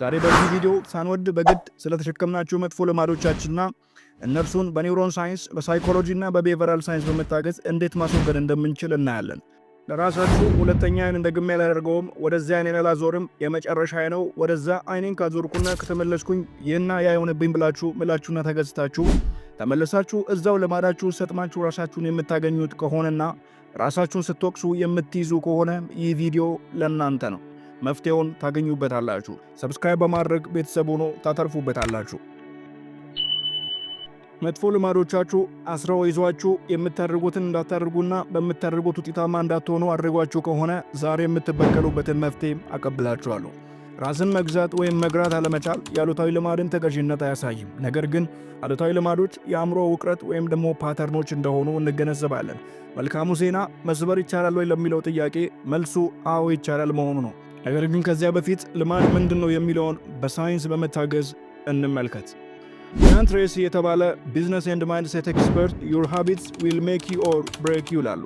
ዛሬ በዚህ ቪዲዮ ሳንወድ በግድ ስለተሸከምናቸው መጥፎ ልማዶቻችንና እነርሱን በኒውሮን ሳይንስ በሳይኮሎጂ እና በቤቨራል ሳይንስ በመታገዝ እንዴት ማስወገድ እንደምንችል እናያለን። ለራሳችሁ ሁለተኛ አይን እንደግሜ አላደርገውም፣ ወደዚያ አይኔን አላዞርም፣ የመጨረሻ ነው፣ ወደዛ አይኔን ካዞርኩና ከተመለስኩኝ ይህና ያ የሆነብኝ ብላችሁ ምላችሁና ተገዝታችሁ ተመለሳችሁ እዛው ልማዳችሁ ሰጥማችሁ ራሳችሁን የምታገኙት ከሆነና ራሳችሁን ስትወቅሱ የምትይዙ ከሆነ ይህ ቪዲዮ ለእናንተ ነው። መፍትሄውን ታገኙበታላችሁ። ሰብስክራይብ በማድረግ ቤተሰብ ሆኖ ታተርፉበታላችሁ። መጥፎ ልማዶቻችሁ አስረው ይዟችሁ የምታደርጉትን እንዳታደርጉና በምታደርጉት ውጤታማ እንዳትሆኑ አድርጓችሁ ከሆነ ዛሬ የምትበቀሉበትን መፍትሄ አቀብላችኋለሁ። ራስን መግዛት ወይም መግራት አለመቻል የአሉታዊ ልማድን ተገዥነት አያሳይም። ነገር ግን አሉታዊ ልማዶች የአእምሮ ውቅረት ወይም ደግሞ ፓተርኖች እንደሆኑ እንገነዘባለን። መልካሙ ዜና መስበር ይቻላል ወይ ለሚለው ጥያቄ መልሱ አዎ ይቻላል መሆኑ ነው። ነገር ግን ከዚያ በፊት ልማድ ምንድን ነው የሚለውን በሳይንስ በመታገዝ እንመልከት። ዳን ትሬሲ የተባለ ቢዝነስ ኤንድ ማይንድሴት ኤክስፐርት ዩር ሃቢትስ ዊል ሜክ ዩ ኦር ብሬክ ዩ ይላሉ።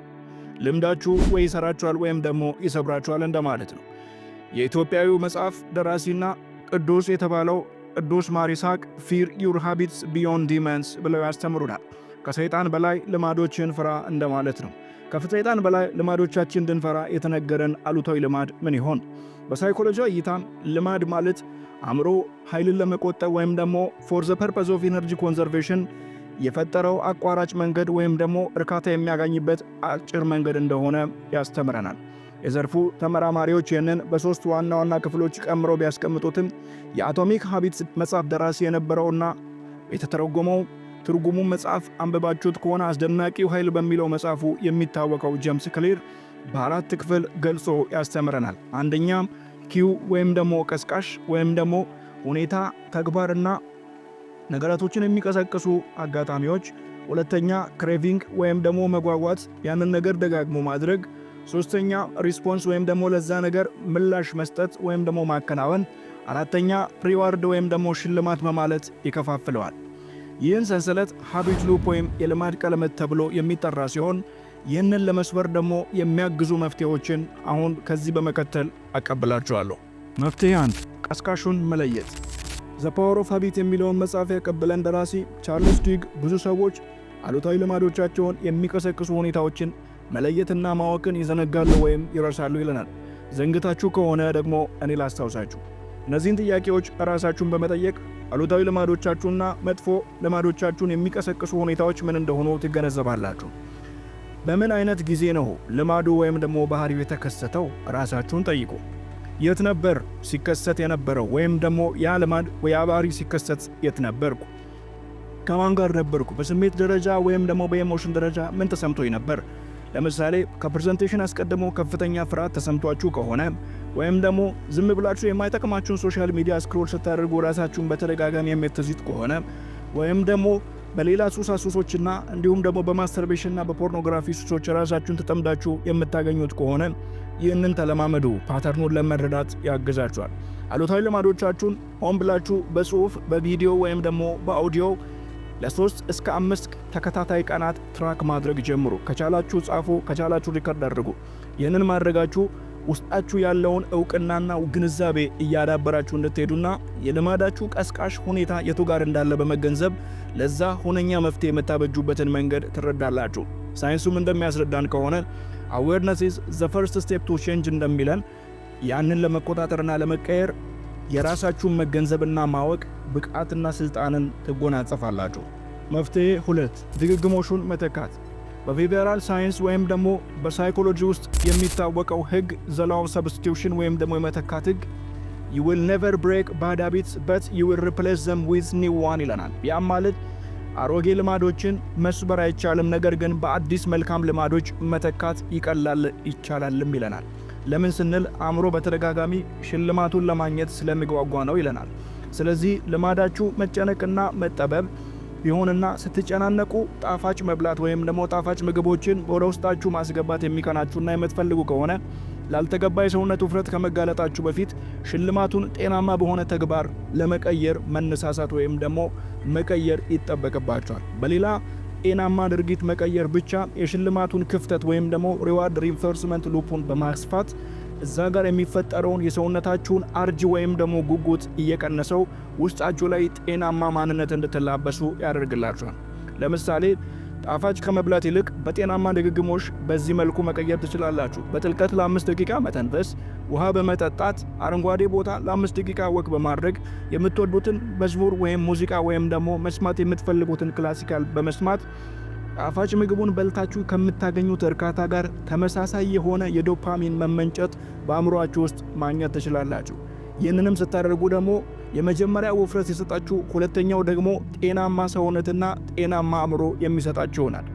ልምዳችሁ ወይ ይሰራችኋል ወይም ደግሞ ይሰብራችኋል እንደማለት ነው። የኢትዮጵያዊው መጽሐፍ ደራሲና ቅዱስ የተባለው ቅዱስ ማሪሳቅ ፊር ዩር ሃቢትስ ቢዮንድ ዲመንስ ብለው ያስተምሩናል። ከሰይጣን በላይ ልማዶችን ፍራ እንደማለት ነው። ከፍጥረጣን በላይ ልማዶቻችን እንድንፈራ የተነገረን አሉታዊ ልማድ ምን ይሆን? በሳይኮሎጂ እይታ ልማድ ማለት አእምሮ ኃይልን ለመቆጠብ ወይም ደግሞ ፎር ዘ ፐርፐዝ ኦፍ ኤነርጂ ኮንዘርቬሽን የፈጠረው አቋራጭ መንገድ ወይም ደግሞ እርካታ የሚያገኝበት አጭር መንገድ እንደሆነ ያስተምረናል። የዘርፉ ተመራማሪዎች ይህንን በሦስት ዋና ዋና ክፍሎች ቀምረው ቢያስቀምጡትም የአቶሚክ ሀቢት መጽሐፍ ደራሲ የነበረውና የተተረጎመው ትርጉሙ መጽሐፍ አንብባችሁት ከሆነ አስደናቂው ኃይል በሚለው መጽሐፉ የሚታወቀው ጀምስ ክሊር በአራት ክፍል ገልጾ ያስተምረናል። አንደኛም ኪው ወይም ደግሞ ቀስቃሽ ወይም ደግሞ ሁኔታ፣ ተግባርና ነገራቶችን የሚቀሰቅሱ አጋጣሚዎች። ሁለተኛ ክሬቪንግ ወይም ደግሞ መጓጓት፣ ያንን ነገር ደጋግሞ ማድረግ። ሶስተኛ ሪስፖንስ ወይም ደግሞ ለዛ ነገር ምላሽ መስጠት ወይም ደግሞ ማከናወን። አራተኛ ሪዋርድ ወይም ደግሞ ሽልማት በማለት ይከፋፍለዋል። ይህን ሰንሰለት ሀቢት ሉፕ ወይም የልማድ ቀለበት ተብሎ የሚጠራ ሲሆን ይህንን ለመስበር ደግሞ የሚያግዙ መፍትሄዎችን አሁን ከዚህ በመከተል አቀብላችኋለሁ። መፍትሄ አንድ ቀስቃሹን መለየት። ዘ ፓወር ኦፍ ሀቢት የሚለውን መጽሐፍ ያቀበለን ደራሲ ቻርልስ ዲግ ብዙ ሰዎች አሉታዊ ልማዶቻቸውን የሚቀሰቅሱ ሁኔታዎችን መለየትና ማወቅን ይዘነጋሉ ወይም ይረሳሉ ይለናል። ዘንግታችሁ ከሆነ ደግሞ እኔ ላስታውሳችሁ እነዚህን ጥያቄዎች ራሳችሁን በመጠየቅ አሉታዊ ልማዶቻችሁና መጥፎ ልማዶቻችሁን የሚቀሰቅሱ ሁኔታዎች ምን እንደሆኑ ትገነዘባላችሁ። በምን አይነት ጊዜ ነው ልማዱ ወይም ደግሞ ባህሪው የተከሰተው? ራሳችሁን ጠይቁ። የት ነበር ሲከሰት የነበረው? ወይም ደግሞ ያ ልማድ ያ ባህሪ ሲከሰት የት ነበርኩ? ከማን ጋር ነበርኩ? በስሜት ደረጃ ወይም ደግሞ በኢሞሽን ደረጃ ምን ተሰምቶኝ ነበር? ለምሳሌ ከፕሬዘንቴሽን አስቀድሞ ከፍተኛ ፍርሃት ተሰምቷችሁ ከሆነ ወይም ደግሞ ዝም ብላችሁ የማይጠቅማችሁን ሶሻል ሚዲያ ስክሮል ስታደርጉ ራሳችሁን በተደጋጋሚ የምትዚጥ ከሆነ ወይም ደግሞ በሌላ ሱሳ ሱሶችና እንዲሁም ደግሞ በማስተርቤሽንና በፖርኖግራፊ ሱሶች ራሳችሁን ተጠምዳችሁ የምታገኙት ከሆነ ይህንን ተለማመዱ። ፓተርኑን ለመረዳት ያግዛችኋል። አሉታዊ ልማዶቻችሁን ሆን ብላችሁ በጽሁፍ በቪዲዮ ወይም ደግሞ በአውዲዮ ለሶስት እስከ አምስት ተከታታይ ቀናት ትራክ ማድረግ ጀምሩ። ከቻላችሁ ጻፉ፣ ከቻላችሁ ሪከርድ አድርጉ። ይህንን ማድረጋችሁ ውስጣችሁ ያለውን እውቅናና ግንዛቤ እያዳበራችሁ እንድትሄዱና የልማዳችሁ ቀስቃሽ ሁኔታ የቱ ጋር እንዳለ በመገንዘብ ለዛ ሁነኛ መፍትሄ የምታበጁበትን መንገድ ትረዳላችሁ። ሳይንሱም እንደሚያስረዳን ከሆነ አዌርነስ ኢዝ ዘ ፈርስት ስቴፕ ቱ ቼንጅ እንደሚለን ያንን ለመቆጣጠርና ለመቀየር የራሳችሁን መገንዘብና ማወቅ ብቃትና ስልጣንን ትጎናጸፋላችሁ። መፍትሄ ሁለት ድግግሞሹን መተካት በቢሄቪራል ሳይንስ ወይም ደግሞ በሳይኮሎጂ ውስጥ የሚታወቀው ህግ ዘላው ሰብስቲቱሽን ወይም ደግሞ የመተካት ህግ ዩ ዊል ኔቨር ብሬክ ባድ ሃቢትስ በት ዩ ዊል ሪፕሌስ ዘም ዊዝ ኒው ዋን ይለናል። ያም ማለት አሮጌ ልማዶችን መስበር አይቻልም፣ ነገር ግን በአዲስ መልካም ልማዶች መተካት ይቀላል ይቻላልም ይለናል። ለምን ስንል አእምሮ በተደጋጋሚ ሽልማቱን ለማግኘት ስለሚጓጓ ነው ይለናል። ስለዚህ ልማዳችሁ መጨነቅና መጠበብ ይሁንና ስትጨናነቁ ጣፋጭ መብላት ወይም ደግሞ ጣፋጭ ምግቦችን ወደ ውስጣችሁ ማስገባት የሚቀናችሁና የምትፈልጉ ከሆነ ላልተገባ የሰውነት ውፍረት ከመጋለጣችሁ በፊት ሽልማቱን ጤናማ በሆነ ተግባር ለመቀየር መነሳሳት ወይም ደግሞ መቀየር ይጠበቅባቸዋል። በሌላ ጤናማ ድርጊት መቀየር ብቻ የሽልማቱን ክፍተት ወይም ደግሞ ሪዋርድ ሪንፎርስመንት ሉፑን በማስፋት እዛ ጋር የሚፈጠረውን የሰውነታችሁን አርጅ ወይም ደግሞ ጉጉት እየቀነሰው ውስጣችሁ ላይ ጤናማ ማንነት እንድትላበሱ ያደርግላችኋል። ለምሳሌ ጣፋጭ ከመብላት ይልቅ በጤናማ ድግግሞሽ በዚህ መልኩ መቀየር ትችላላችሁ። በጥልቀት ለአምስት ደቂቃ መተንፈስ፣ ውሃ በመጠጣት አረንጓዴ ቦታ ለአምስት ደቂቃ ወቅ በማድረግ የምትወዱትን መዝሙር ወይም ሙዚቃ ወይም ደግሞ መስማት የምትፈልጉትን ክላሲካል በመስማት ጣፋጭ ምግቡን በልታችሁ ከምታገኙት እርካታ ጋር ተመሳሳይ የሆነ የዶፓሚን መመንጨት በአእምሮአችሁ ውስጥ ማግኘት ትችላላችሁ። ይህንንም ስታደርጉ ደግሞ የመጀመሪያ ውፍረት ሲሰጣችሁ፣ ሁለተኛው ደግሞ ጤናማ ሰውነትና ጤናማ አእምሮ የሚሰጣችሁ ይሆናል።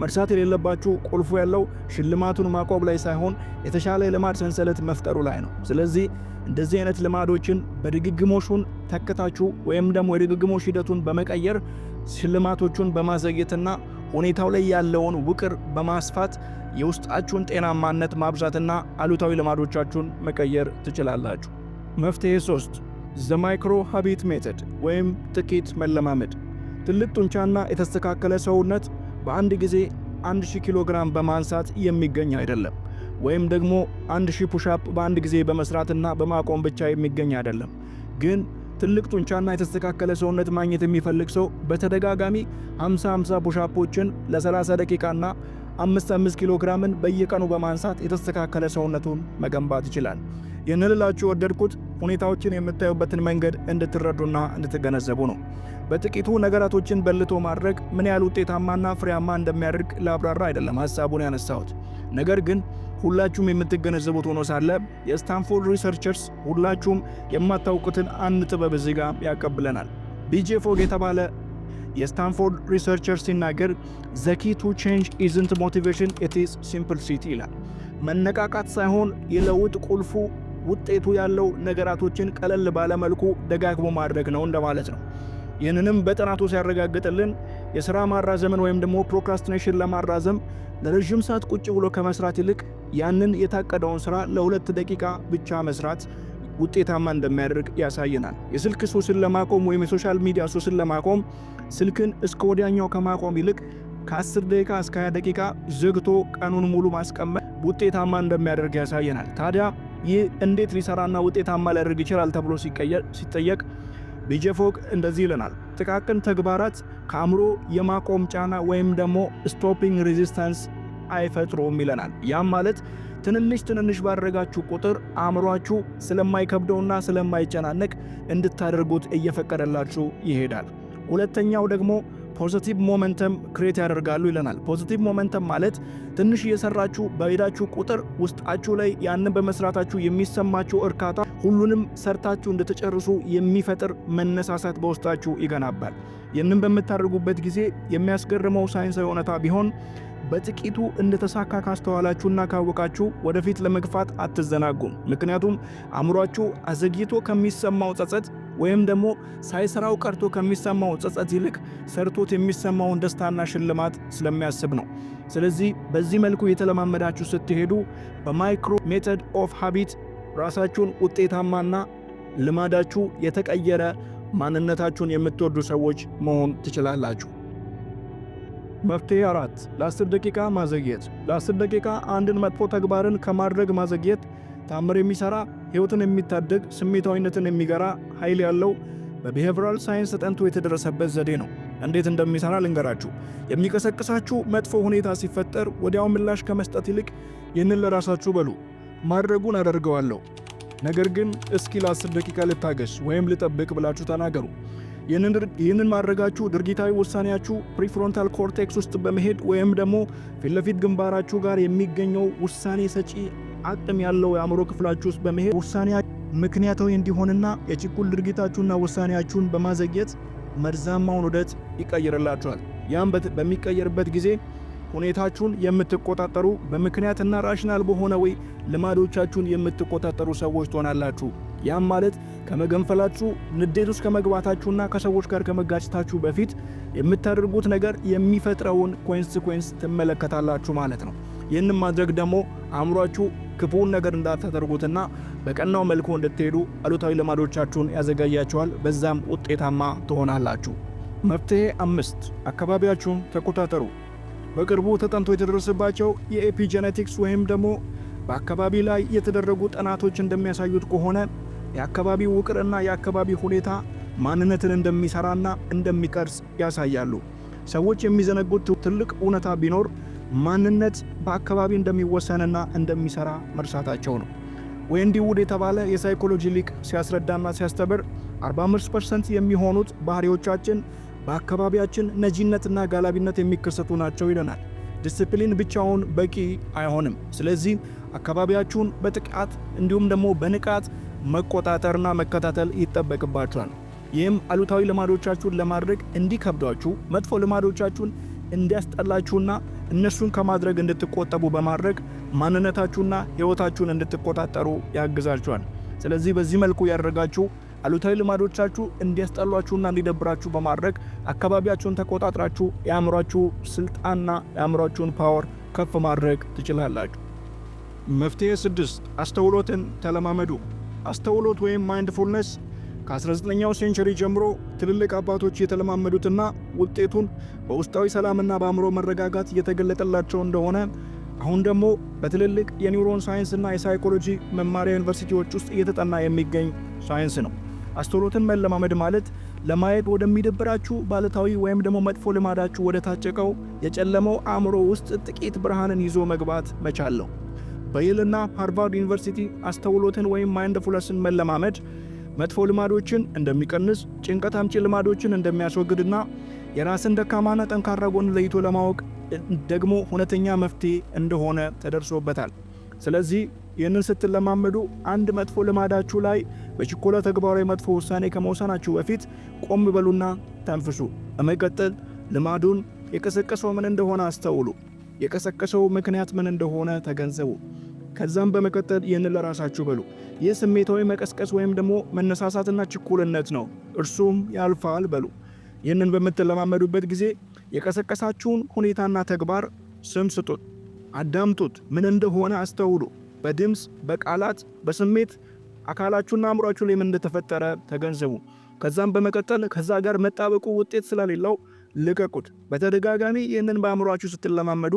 መርሳት የሌለባችሁ ቁልፉ ያለው ሽልማቱን ማቆም ላይ ሳይሆን የተሻለ የልማድ ሰንሰለት መፍጠሩ ላይ ነው። ስለዚህ እንደዚህ አይነት ልማዶችን በድግግሞሹን ተከታችሁ ወይም ደግሞ የድግግሞሽ ሂደቱን በመቀየር ሽልማቶቹን በማዘግየትና ሁኔታው ላይ ያለውን ውቅር በማስፋት የውስጣችሁን ጤናማነት ማብዛትና አሉታዊ ልማዶቻችሁን መቀየር ትችላላችሁ። መፍትሄ 3 ዘ ማይክሮ ሀቢት ሜተድ ወይም ጥቂት መለማመድ። ትልቅ ጡንቻና የተስተካከለ ሰውነት በአንድ ጊዜ 1000 ኪሎ ግራም በማንሳት የሚገኝ አይደለም፣ ወይም ደግሞ 1000 ፑሻፕ በአንድ ጊዜ በመስራትና በማቆም ብቻ የሚገኝ አይደለም ግን ትልቅ ጡንቻና የተስተካከለ ሰውነት ማግኘት የሚፈልግ ሰው በተደጋጋሚ 50 50 ፑሻፖችን ለ30 ደቂቃና 55 ኪሎ ግራምን በየቀኑ በማንሳት የተስተካከለ ሰውነቱን መገንባት ይችላል። የንልላችሁ ወደድኩት ሁኔታዎችን የምታዩበትን መንገድ እንድትረዱና እንድትገነዘቡ ነው። በጥቂቱ ነገራቶችን በልቶ ማድረግ ምን ያህል ውጤታማና ፍሬያማ እንደሚያደርግ ላብራራ አይደለም ሀሳቡን ያነሳሁት ነገር ግን ሁላችሁም የምትገነዘቡት ሆኖ ሳለ የስታንፎርድ ሪሰርቸርስ ሁላችሁም የማታውቁትን አንድ ጥበብ እዚህ ጋር ያቀብለናል። ቢጄ ፎግ የተባለ የስታንፎርድ ሪሰርቸር ሲናገር ዘኪ ቱ ቼንጅ ኢዝንት ሞቲቬሽን ኢትስ ሲምፕል ሲቲ ይላል። መነቃቃት ሳይሆን የለውጥ ቁልፉ ውጤቱ ያለው ነገራቶችን ቀለል ባለመልኩ ደጋግሞ ማድረግ ነው እንደማለት ነው። ይህንንም በጥናቱ ሲያረጋግጥልን የሥራ ማራዘምን ወይም ደግሞ ፕሮክራስቲኔሽን ለማራዘም ለረዥም ሰዓት ቁጭ ብሎ ከመስራት ይልቅ ያንን የታቀደውን ሥራ ለሁለት ደቂቃ ብቻ መስራት ውጤታማ እንደሚያደርግ ያሳየናል። የስልክ ሱስን ለማቆም ወይም የሶሻል ሚዲያ ሱስን ለማቆም ስልክን እስከ ወዲያኛው ከማቆም ይልቅ ከ10 ደቂቃ እስከ 20 ደቂቃ ዘግቶ ቀኑን ሙሉ ማስቀመጥ ውጤታማ እንደሚያደርግ ያሳየናል። ታዲያ ይህ እንዴት ሊሰራና ውጤታማ ሊያደርግ ይችላል ተብሎ ሲጠየቅ ቢጄ እንደዚህ ይለናል። ጥቃቅን ተግባራት ከአእምሮ የማቆም ጫና ወይም ደግሞ ስቶፒንግ ሬዚስታንስ አይፈጥሩም ይለናል። ያም ማለት ትንንሽ ትንንሽ ባደረጋችሁ ቁጥር አእምሯችሁ ስለማይከብደውና ስለማይጨናነቅ እንድታደርጉት እየፈቀደላችሁ ይሄዳል። ሁለተኛው ደግሞ ፖዘቲቭ ሞመንተም ክሬት ያደርጋሉ ይለናል። ፖዘቲቭ ሞመንተም ማለት ትንሽ እየሰራችሁ በሄዳችሁ ቁጥር ውስጣችሁ ላይ ያንን በመስራታችሁ የሚሰማችሁ እርካታ ሁሉንም ሰርታችሁ እንደተጨርሱ የሚፈጥር መነሳሳት በውስጣችሁ ይገናባል። ይህንም በምታደርጉበት ጊዜ የሚያስገርመው ሳይንሳዊ እውነታ ቢሆን በጥቂቱ እንደተሳካ ካስተዋላችሁና ካወቃችሁ ወደፊት ለመግፋት አትዘናጉም። ምክንያቱም አእምሯችሁ አዘግይቶ ከሚሰማው ጸጸት ወይም ደግሞ ሳይሰራው ቀርቶ ከሚሰማው ጸጸት ይልቅ ሰርቶት የሚሰማውን ደስታና ሽልማት ስለሚያስብ ነው። ስለዚህ በዚህ መልኩ የተለማመዳችሁ ስትሄዱ በማይክሮ ሜተድ ኦፍ ሃቢት ራሳችሁን ውጤታማና ልማዳችሁ የተቀየረ ማንነታችሁን የምትወዱ ሰዎች መሆን ትችላላችሁ። መፍትሄ አራት ለ10 ደቂቃ ማዘግየት። ለ10 ደቂቃ አንድን መጥፎ ተግባርን ከማድረግ ማዘግየት ታምር የሚሰራ ሕይወትን የሚታደግ ስሜታዊነትን የሚገራ ኃይል ያለው በቢሄቭራል ሳይንስ ተጠንቶ የተደረሰበት ዘዴ ነው። እንዴት እንደሚሰራ ልንገራችሁ። የሚቀሰቅሳችሁ መጥፎ ሁኔታ ሲፈጠር ወዲያው ምላሽ ከመስጠት ይልቅ ይህንን ለራሳችሁ በሉ ማድረጉን አደርገዋለሁ። ነገር ግን እስኪ ለአስር ደቂቃ ልታገስ ወይም ልጠብቅ ብላችሁ ተናገሩ። ይህንን ማድረጋችሁ ድርጊታዊ ውሳኔያችሁ ፕሪፍሮንታል ኮርቴክስ ውስጥ በመሄድ ወይም ደግሞ ፊትለፊት ግንባራችሁ ጋር የሚገኘው ውሳኔ ሰጪ አቅም ያለው የአእምሮ ክፍላችሁ ውስጥ በመሄድ ውሳኔ ምክንያታዊ እንዲሆንና የችኩል ድርጊታችሁና ውሳኔያችሁን በማዘግየት መርዛማውን ውደት ይቀይርላችኋል። ያም በሚቀየርበት ጊዜ ሁኔታችሁን የምትቆጣጠሩ በምክንያትና ራሽናል በሆነ ወይ ልማዶቻችሁን የምትቆጣጠሩ ሰዎች ትሆናላችሁ። ያም ማለት ከመገንፈላችሁ ንዴት ውስጥ ከመግባታችሁና ከሰዎች ጋር ከመጋጨታችሁ በፊት የምታደርጉት ነገር የሚፈጥረውን ኮንስኮንስ ትመለከታላችሁ ማለት ነው። ይህንም ማድረግ ደግሞ አእምሯችሁ ክፉውን ነገር እንዳታደርጉትና በቀናው መልኩ እንድትሄዱ አሉታዊ ልማዶቻችሁን ያዘጋጃችኋል። በዛም ውጤታማ ትሆናላችሁ። መፍትሄ አምስት አካባቢያችሁን ተቆጣጠሩ። በቅርቡ ተጠንቶ የተደረሰባቸው የኤፒጄኔቲክስ ወይም ደግሞ በአካባቢ ላይ የተደረጉ ጥናቶች እንደሚያሳዩት ከሆነ የአካባቢ ውቅርና የአካባቢ ሁኔታ ማንነትን እንደሚሰራና እንደሚቀርጽ ያሳያሉ። ሰዎች የሚዘነጉት ትልቅ እውነታ ቢኖር ማንነት በአካባቢ እንደሚወሰንና እንደሚሰራ መርሳታቸው ነው። ዌንዲ ውድ የተባለ የሳይኮሎጂ ሊቅ ሲያስረዳና ሲያስተብር 45 ፐርሰንት የሚሆኑት ባህሪዎቻችን በአካባቢያችን ነጂነትና ጋላቢነት የሚከሰቱ ናቸው ይለናል። ዲስፕሊን ብቻውን በቂ አይሆንም። ስለዚህ አካባቢያችሁን በጥቃት እንዲሁም ደግሞ በንቃት መቆጣጠርና መከታተል ይጠበቅባችኋል። ይህም አሉታዊ ልማዶቻችሁን ለማድረግ እንዲከብዷችሁ፣ መጥፎ ልማዶቻችሁን እንዲያስጠላችሁና እነሱን ከማድረግ እንድትቆጠቡ በማድረግ ማንነታችሁና ሕይወታችሁን እንድትቆጣጠሩ ያግዛችኋል። ስለዚህ በዚህ መልኩ ያደረጋችሁ አሉታዊ ልማዶቻችሁ እንዲያስጠሏችሁና እንዲደብራችሁ በማድረግ አካባቢያችሁን ተቆጣጥራችሁ የአእምሯችሁ ስልጣንና የአእምሯችሁን ፓወር ከፍ ማድረግ ትችላላችሁ። መፍትሄ ስድስት አስተውሎትን ተለማመዱ። አስተውሎት ወይም ማይንድፉልነስ ከ19ኛው ሴንቸሪ ጀምሮ ትልልቅ አባቶች የተለማመዱትና ውጤቱን በውስጣዊ ሰላምና በአእምሮ መረጋጋት እየተገለጠላቸው እንደሆነ አሁን ደግሞ በትልልቅ የኒውሮን ሳይንስና የሳይኮሎጂ መማሪያ ዩኒቨርሲቲዎች ውስጥ እየተጠና የሚገኝ ሳይንስ ነው። አስተውሎትን መለማመድ ማለት ለማየት ወደሚደብራችሁ ባለታዊ ወይም ደግሞ መጥፎ ልማዳችሁ ወደ ታጨቀው የጨለመው አእምሮ ውስጥ ጥቂት ብርሃንን ይዞ መግባት መቻል ነው። በይልና ሃርቫርድ ዩኒቨርሲቲ አስተውሎትን ወይም ማይንድፉልነስን መለማመድ መጥፎ ልማዶችን እንደሚቀንስ፣ ጭንቀት አምጪ ልማዶችን እንደሚያስወግድና የራስን ደካማና ጠንካራ ጎን ለይቶ ለማወቅ ደግሞ እውነተኛ መፍትሄ እንደሆነ ተደርሶበታል። ስለዚህ ይህንን ስትለማመዱ አንድ መጥፎ ልማዳችሁ ላይ በችኮላ ተግባራዊ መጥፎ ውሳኔ ከመውሰናችሁ በፊት ቆም በሉና ተንፍሱ። በመቀጠል ልማዱን የቀሰቀሰው ምን እንደሆነ አስተውሉ። የቀሰቀሰው ምክንያት ምን እንደሆነ ተገንዘቡ። ከዛም በመቀጠል ይህን ለራሳችሁ በሉ። ይህ ስሜታዊ መቀስቀስ ወይም ደግሞ መነሳሳትና ችኩልነት ነው፣ እርሱም ያልፋል በሉ። ይህንን በምትለማመዱበት ጊዜ የቀሰቀሳችሁን ሁኔታና ተግባር ስም ስጡት፣ አዳምጡት፣ ምን እንደሆነ አስተውሉ። በድምፅ በቃላት በስሜት አካላችሁና አእምሯችሁ ላይ ምን እንደተፈጠረ ተገንዘቡ። ከዛም በመቀጠል ከዛ ጋር መጣበቁ ውጤት ስለሌለው ልቀቁት። በተደጋጋሚ ይህንን በአእምሯችሁ ስትለማመዱ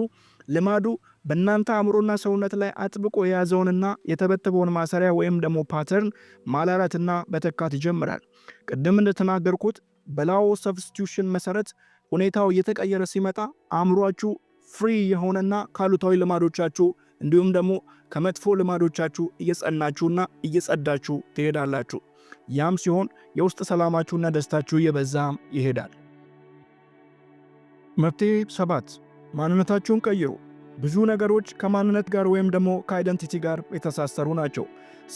ልማዱ በእናንተ አእምሮና ሰውነት ላይ አጥብቆ የያዘውንና የተበተበውን ማሰሪያ ወይም ደግሞ ፓተርን ማላራትና መተካት ይጀምራል። ቅድም እንደተናገርኩት በላዎ ሰብስቲዩሽን መሰረት ሁኔታው እየተቀየረ ሲመጣ አእምሯችሁ ፍሪ የሆነና ካሉታዊ ልማዶቻችሁ እንዲሁም ደግሞ ከመጥፎ ልማዶቻችሁ እየጸናችሁና እየጸዳችሁ ትሄዳላችሁ። ያም ሲሆን የውስጥ ሰላማችሁና ደስታችሁ እየበዛም ይሄዳል። መፍትሄ ሰባት ማንነታችሁን ቀይሩ። ብዙ ነገሮች ከማንነት ጋር ወይም ደግሞ ከአይደንቲቲ ጋር የተሳሰሩ ናቸው።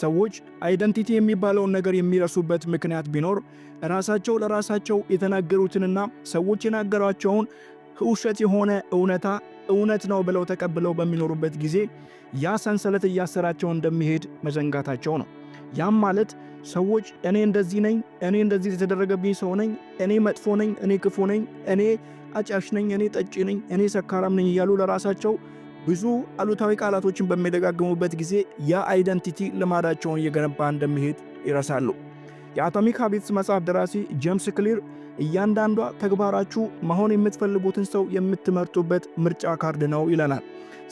ሰዎች አይደንቲቲ የሚባለውን ነገር የሚረሱበት ምክንያት ቢኖር ራሳቸው ለራሳቸው የተናገሩትንና ሰዎች የናገሯቸውን ከውሸት የሆነ እውነታ እውነት ነው ብለው ተቀብለው በሚኖሩበት ጊዜ ያ ሰንሰለት እያሰራቸው እንደሚሄድ መዘንጋታቸው ነው። ያም ማለት ሰዎች እኔ እንደዚህ ነኝ፣ እኔ እንደዚህ የተደረገብኝ ሰው ነኝ፣ እኔ መጥፎ ነኝ፣ እኔ ክፉ ነኝ፣ እኔ አጫሽ ነኝ፣ እኔ ጠጪ ነኝ፣ እኔ ሰካራም ነኝ እያሉ ለራሳቸው ብዙ አሉታዊ ቃላቶችን በሚደጋግሙበት ጊዜ ያ አይደንቲቲ ልማዳቸውን እየገነባ እንደሚሄድ ይረሳሉ። የአቶሚክ ሀቢትስ መጽሐፍ ደራሲ ጄምስ ክሊር እያንዳንዷ ተግባራችሁ መሆን የምትፈልጉትን ሰው የምትመርጡበት ምርጫ ካርድ ነው ይለናል።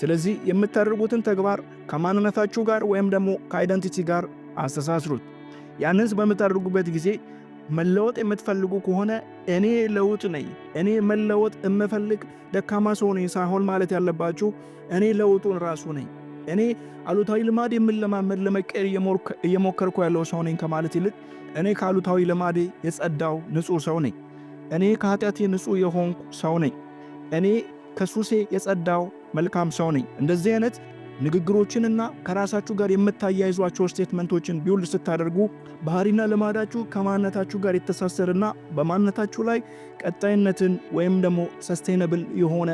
ስለዚህ የምታደርጉትን ተግባር ከማንነታችሁ ጋር ወይም ደግሞ ከአይደንቲቲ ጋር አስተሳስሩት። ያንንስ በምታደርጉበት ጊዜ መለወጥ የምትፈልጉ ከሆነ እኔ ለውጥ ነኝ፣ እኔ መለወጥ የምፈልግ ደካማ ሰው ነኝ ሳይሆን ማለት ያለባችሁ እኔ ለውጡን ራሱ ነኝ እኔ አሉታዊ ልማድ የምለማመድ ለመቀየር እየሞከርኩ ያለው ሰው ነኝ ከማለት ይልቅ እኔ ከአሉታዊ ልማድ የጸዳው ንጹህ ሰው ነኝ፣ እኔ ከኃጢአቴ ንጹህ የሆንኩ ሰው ነኝ፣ እኔ ከሱሴ የጸዳው መልካም ሰው ነኝ። እንደዚህ አይነት ንግግሮችንና ከራሳችሁ ጋር የምታያይዟቸው ስቴትመንቶችን ቢውል ስታደርጉ ባህሪና ልማዳችሁ ከማንነታችሁ ጋር የተሳሰረና በማንነታችሁ ላይ ቀጣይነትን ወይም ደግሞ ሰስቴነብል የሆነ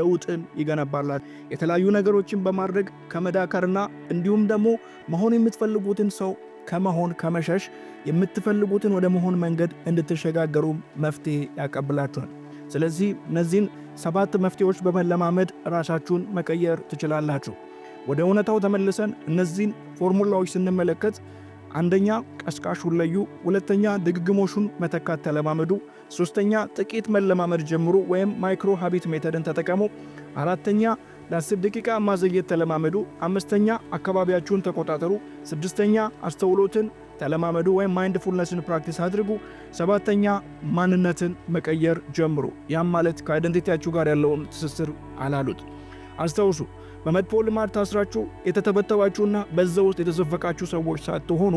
ለውጥን ይገነባላል። የተለያዩ ነገሮችን በማድረግ ከመዳከርና እንዲሁም ደግሞ መሆን የምትፈልጉትን ሰው ከመሆን ከመሸሽ የምትፈልጉትን ወደ መሆን መንገድ እንድትሸጋገሩ መፍትሄ ያቀብላችኋል። ስለዚህ እነዚህን ሰባት መፍትሄዎች በመለማመድ ራሳችሁን መቀየር ትችላላችሁ። ወደ እውነታው ተመልሰን እነዚህን ፎርሙላዎች ስንመለከት አንደኛ ቀስቃሹን ለዩ፣ ሁለተኛ ድግግሞሹን መተካት ተለማመዱ፣ ሶስተኛ ጥቂት መለማመድ ጀምሩ ወይም ማይክሮ ሀቢት ሜተድን ተጠቀሙ፣ አራተኛ ለአስር ደቂቃ ማዘግየት ተለማመዱ፣ አምስተኛ አካባቢያችሁን ተቆጣጠሩ፣ ስድስተኛ አስተውሎትን ተለማመዱ ወይም ማይንድፉልነስን ፕራክቲስ አድርጉ። ሰባተኛ ማንነትን መቀየር ጀምሩ። ያም ማለት ከአይደንቲቲያችሁ ጋር ያለውን ትስስር አላሉት። አስታውሱ፣ በመጥፎ ልማድ ታስራችሁ የተተበተባችሁና በዛ ውስጥ የተዘፈቃችሁ ሰዎች ሳትሆኑ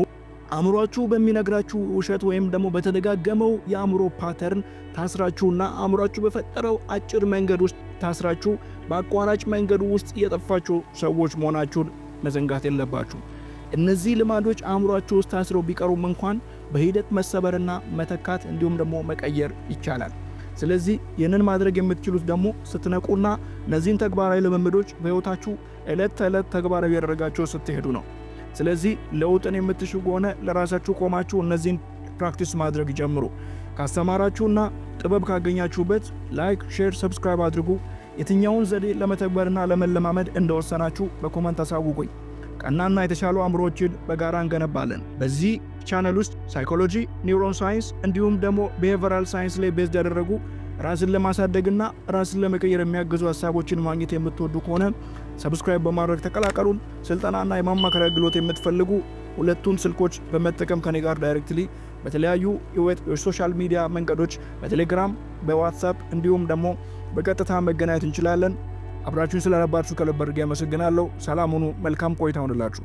አእምሯችሁ በሚነግራችሁ ውሸት ወይም ደግሞ በተደጋገመው የአእምሮ ፓተርን ታስራችሁና አእምሯችሁ በፈጠረው አጭር መንገድ ውስጥ ታስራችሁ በአቋራጭ መንገድ ውስጥ የጠፋችሁ ሰዎች መሆናችሁን መዘንጋት የለባችሁ። እነዚህ ልማዶች አእምሯችሁ ውስጥ ታስረው ቢቀሩም እንኳን በሂደት መሰበርና መተካት እንዲሁም ደግሞ መቀየር ይቻላል። ስለዚህ ይህንን ማድረግ የምትችሉት ደግሞ ስትነቁና እነዚህን ተግባራዊ ልምምዶች በሕይወታችሁ ዕለት ተዕለት ተግባራዊ ያደረጋቸው ስትሄዱ ነው። ስለዚህ ለውጥን የምትሹ ከሆነ ለራሳችሁ ቆማችሁ እነዚህን ፕራክቲስ ማድረግ ጀምሩ። ካስተማራችሁና ጥበብ ካገኛችሁበት ላይክ፣ ሼር፣ ሰብስክራይብ አድርጉ። የትኛውን ዘዴ ለመተግበርና ለመለማመድ እንደወሰናችሁ በኮመንት አሳውቁኝ። ቀናና የተሻሉ አእምሮዎችን በጋራ እንገነባለን። በዚህ ቻነል ውስጥ ሳይኮሎጂ፣ ኒውሮን ሳይንስ እንዲሁም ደግሞ ቢሄቨራል ሳይንስ ላይ ቤዝ ያደረጉ ራስን ለማሳደግና ራስን ለመቀየር የሚያግዙ ሀሳቦችን ማግኘት የምትወዱ ከሆነ ሰብስክራይብ በማድረግ ተቀላቀሉን። ስልጠናና የማማከሪያ አገልግሎት የምትፈልጉ ሁለቱን ስልኮች በመጠቀም ከኔ ጋር ዳይሬክትሊ በተለያዩ የሶሻል ሚዲያ መንገዶች በቴሌግራም በዋትሳፕ እንዲሁም ደግሞ በቀጥታ መገናኘት እንችላለን። አብራችሁን ስለነባችሁ ከልብ አድርጌ አመሰግናለሁ። ሰላም ሁኑ። መልካም ቆይታ ሆንላችሁ።